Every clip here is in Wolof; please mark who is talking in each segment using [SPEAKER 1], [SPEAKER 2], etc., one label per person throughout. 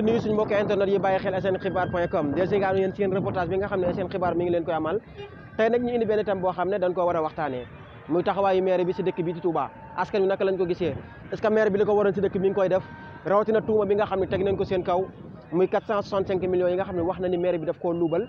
[SPEAKER 1] leen di nuyu internet yi bàyyi xel sn xibaar point com del sigaanu yéen seen reportage bi nga xam ne sn xibaar mi ngi leen koy amal tey nag ñu indi benn thème boo xam ne dañ koo war a waxtaanee muy taxawaayu maire bi si dëkk bi di Touba askan naka lañ ko gisee est ce bi li ko waroon si dëkk mi ngi koy def rawatina tuuma bi nga xam ne teg nañ ko seen kaw muy 465 yi nga xam ne wax na ni maire bi daf koo luubal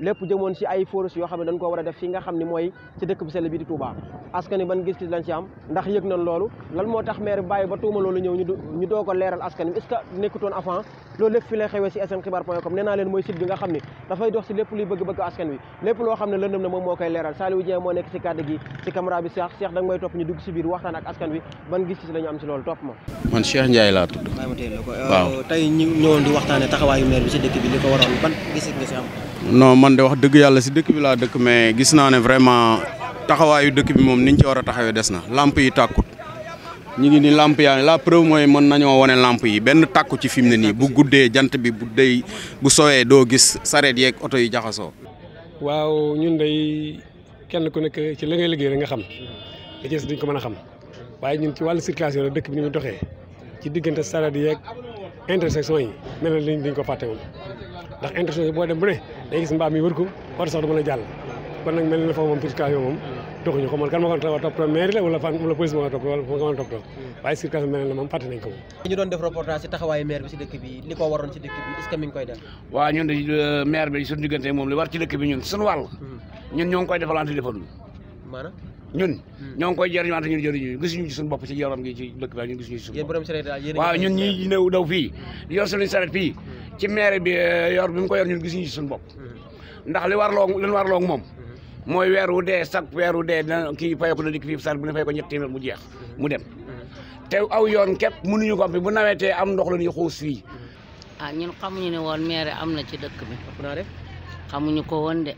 [SPEAKER 1] lépp jëmoon ci ay forus yoo xam ne dañ xam ni mooy ci dëkk bu sell bi di Touba askan wi ban gis-gis lañ am ndax loolu lan moo tax maire bàyyi ba tuuma loolu ñëw ñu doo ko leeral askan wi est ce que nekkutoon avant loolu lépp fi lay xewee ci snxibar.com nee naa leen mooy site bi nga xam ni dafay dox ci lépp luy bëgg-bëgg askan wi lépp loo xam ne lëndëm na moom moo koy leeral Saliou Dieng moo nekk ci bi Cheikh Cheikh da ban gis-gis lañu am ci loolu topp ma
[SPEAKER 2] man Cheikh Ndiaye laa tudd
[SPEAKER 1] tey ñu ñëwoon di waxtaane taxawaayu maire bi ci dëkk
[SPEAKER 2] non man de wax dëgg yàlla si dëkk bi laa dëkk mais gis naa ne vraiment taxawaayu dëkk bi moom niñ ci war a taxawee des na làmp yi tàkkut ñu ngi ni làmp yaa la preuve mooy mën nañoo wane làmp yi benn tàkku ci fi mu ne nii bu guddee jant bi bu dey bu sowee doo gis sareet yeeg oto yi jaxasoo.
[SPEAKER 3] waaw ñun day kenn ku nekk ci la ngay liggéey rek nga xam li ci ko mën a xam waaye ñun ci wàllu circulation la dëkk bi ni mu doxee ci diggante sareet yeeg intersection yi mel ko fàtte ndax internet yi boo dem bu ne day gis mbaam yi wër ko war sax du a jàll kon nag mel na foofu moom circulation moom doxuñu ko man kan ma ko war a waaye circulation
[SPEAKER 1] taxawaayu maire bi ci dëkk bi li ko koy def
[SPEAKER 3] waaw ñun de euh, maire bi suñu diggante moom li war ci dëkk bi ñun suñu wàll hmm. ñun ñoo ngi koy defalante defaluñu maanaam ñun hmm. ñoo ngi koy jëriñoo te ñun jëriñu gisuñu ci suñu bopp ci yaram gi ci dëkk bi ñun gisuñu ci suñu
[SPEAKER 1] bopp
[SPEAKER 3] waaw ñun ñi néew daw fii hmm. hmm. ci maire bi euh, yor bi mu ko yor ñun gisuñu ci suñu bopp ndax li warloo li moom mooy weer wu dee chaque weer wu dee dina kii fayeku na dikk fii saret bu ne fay ko ñetti téeméer mu jeex mu dem te aw yoon képp mënuñu ko am fi bu nawetee am ndox la ñuy xuus fii
[SPEAKER 4] ah ñun xamuñu ne woon maire am na ci dëkk bi xamuñu ko woon de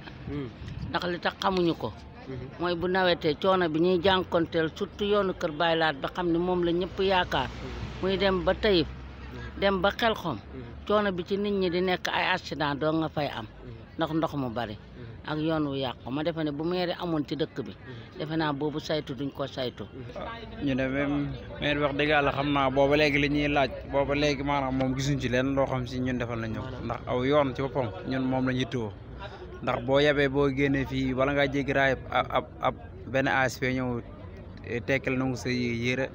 [SPEAKER 4] ndax li tax xamuñu ko Mhm. mooy bu nawetee coono bi ñuy jànkonteel surtout yoonu kër Baay Laat ba xam ne moom la ñëpp yaakaar mhm. muy dem ba Taïf mhm. dem ba Xelkom coono bi ci nit ñi di nekk ay accident doo nga fay am ndax ndox mu bari ak yoon wu yàq ma defe ne bu maire amoon ci dëkk bi defe naa boobu saytu duñ ko saytu
[SPEAKER 1] ñu dem même maire wax dëgg yàlla xam naa booba léegi li ñuy laaj booba léegi maanaam moom gisuñ ci leen loo xam si ñun defal na ñëw ndax aw yoon ci boppam ñun moom la ñuy ndax boo yabee boo génnee fii wala ngaa jéggi raay ab ab benn ASP ñëw eh, tekkal nangu sa yére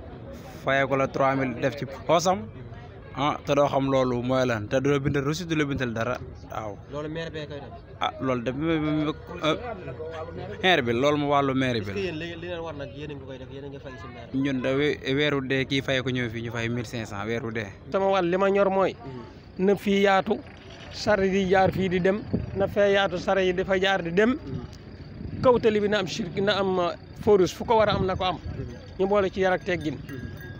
[SPEAKER 1] fayee ko la trois mille def ci poosam ah te doo xam loolu mooy lan te du la bindal reçu du la bindal dara waaw. loolu maire bee koy def. ah loolu de maire bi loolu mu wàllu maire bi. ñun de weeru dee kii fay ko ñëw fii ñu fay mille cinq cent weeru dee. te wàll li ma ñor mooy. Mm-hmm. na fii yaatu. sare di jaar fii di dem na fee yaatu sare yi dafa jaar di dem kaw tali bi na am shirk na am uh, forus fu ko war a am na ko am ñu boole ci yarak ak teggin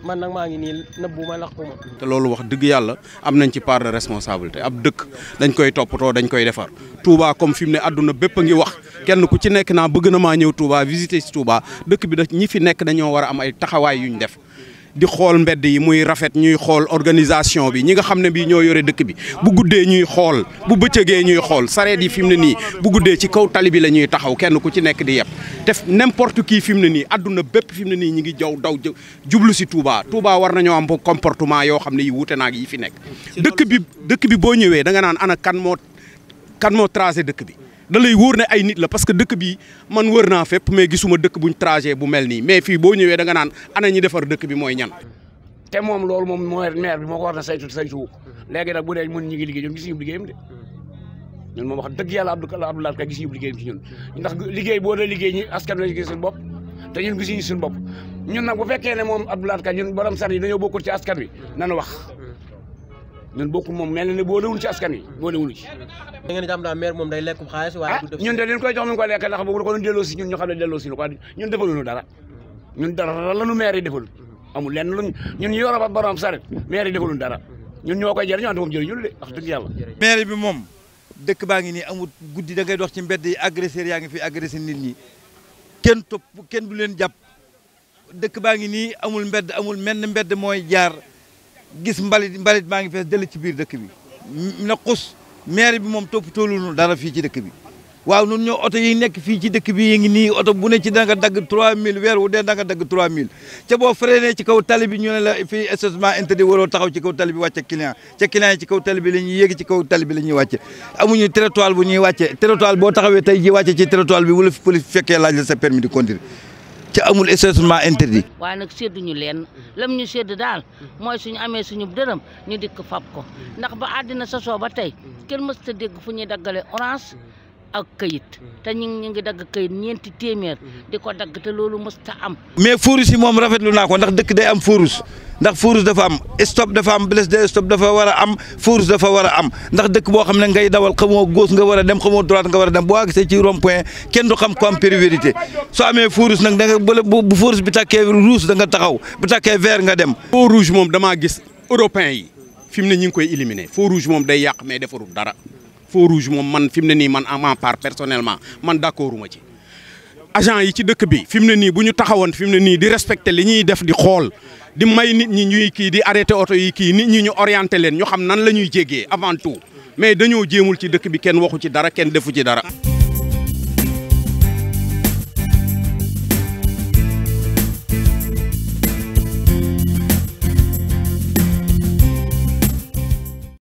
[SPEAKER 1] man nag maa ngi nii nëbbuma laquma
[SPEAKER 2] te loolu wax dëgg yàlla am nañ ci part de responsabilité ab dëkk dañ koy toppatoo dañ koy defar Touba comme fi mu ne àdduna bépp a ngi wax kenn ku ci nekk naa bëgg na maa ñëw Touba visiter si Touba dëkk bi da ñi fi nekk dañoo war a am ay taxawaay yuñ def di xool mbedd yi muy rafet ñuy xool organisation bi ñi nga xam ne bii ñoo yore dëkk bi bu guddee ñuy xool bu bëccëgee ñuy xool sareet yi fi mu ne nii bu guddee ci kaw tali bi la ñuy taxaw kenn ku ci nekk di yeb te n'importe kii fi mu ne nii àdduna bépp fi mu ne nii ñi ngi jaw daw jublu si Touba Touba war nañoo am comportement yoo xam ne yi wuute naag yi fi nekk dëkk bi dëkk bi boo ñëwee da nga naan ana kan moo kan moo tracé dëkk bi da lay wóor ne ay nit la parce que dëkk bi man wër naa fépp mais gisuma dëkk bu ñu trajet bu mel nii mais fii boo ñëwee da nga naan ana ñi defar dëkk bi mooy ñan.
[SPEAKER 3] te moom loolu moom mooy maire bi moo ko war na saytu saytu léegi nag bu dee mën ñi ngi liggéey ñoom gis ñu yàlla Abdou Abdoulaye Ka gis ñu ñun ndax liggéey boo dee liggéey ñi askan lañu gis suñu bopp te ñun gisuñu suñu nag bu fekkee ne moom Abdoulaye Ka ñun borom sar yi dañoo bokkul ci askan wi nanu wax ñun bokku mom, mel na ne boole wuñu ci askan wi boole wuñu ci da ngeen jàmm daa maire moom day lekkum xaalis waaye ah, ñun de dañ koy jox ñu koy lekk ndax bu ko doon delloo si ñun ñu xam ne delloo si quoi ñun defaluñu dara ñun dara lañu maire yi deful amul lenn luñ ñun ñu yoroba borom saret maire yi defaluñu dara ñun ñoo koy jëriñoo ante moom jëriñul de wax dëgg yàlla maire bi moom dëkk baa ngi nii amul
[SPEAKER 5] guddi da ngay dox ci mbedd yi agresseur yaa ngi fi agressé nit ñi kenn topp kenn du leen jàpp dëkk baa ngi amul mbedd amul menn mbedd mooy jaar gis mbalit mbalit maa ngi fees dell ci biir dëkk bi na xus maire bi moom toppatoolul dara fii ci dëkk bi waaw nun ñoo oto yi nekk fii ci dëkk bi yi ngi nii oto bu ne ci da nga dagg 3000 weer wu dee da dagg 3000 ca boo freiné ci kaw tali bi ñu ne la fii stationnement interdit waroo taxaw ci kaw tali bi wàcce client ca client yi ci kaw tali bi la ñuy yéegi ci kaw tali bi la ñuy wàcce amuñu trottoir bu ñuy wàcce trottoir boo taxawee tey ji wàcce ci trottoir wala fi police fekkee ca amul stationnement interdit.
[SPEAKER 4] waa nag sédduñu leen lam ñu sédd daal mooy suñu amee suñu dërëm ñu dikk fab ko ndax ba àddina sasoo ba tey mës mësta dégg fu ñuy daggale orange ak këyit mm-hmm. te ñu ngi ñu ngi dagg këyit ñeenti téeméer mm-hmm. di ko dagg te loolu mës ta am.
[SPEAKER 5] mais fóorus yi moom rafetlu naa ko ndax dëkk day am fóorus ndax fóorus dafa am stop dafa am bless de stop dafa war am fóorus dafa war am ndax dëkk boo xam ne ngay dawal xamoo gauche nga war a dem xamoo droite nga war a dem boo àggsee ci rond point kenn du xam ko am priorité soo amee fóorus nag da nga bu
[SPEAKER 2] bu fóorus bi tàkkee rouge da nga taxaw bu tàkkee vert nga dem. feu rouge moom damaa gis européen yi fi mu ne ñu koy éliminer feu rouge moom day yàq mais defarul dara. feu rouge moom man fi mu ne nii man à ma part personnellement man d'accorduma ci. agent yi ci dëkk bi fi mu ne nii bu ñu taxawoon fi mu ne nii di respecter li ñuy def di xool di may nit ñi ñuy kii di arrêté oto yi kii nit ñi ñu orienté leen ñu xam nan la ñuy jéggee avant tout mais dañoo jéemul ci dëkk bi kenn waxu ci dara kenn defu ci dara.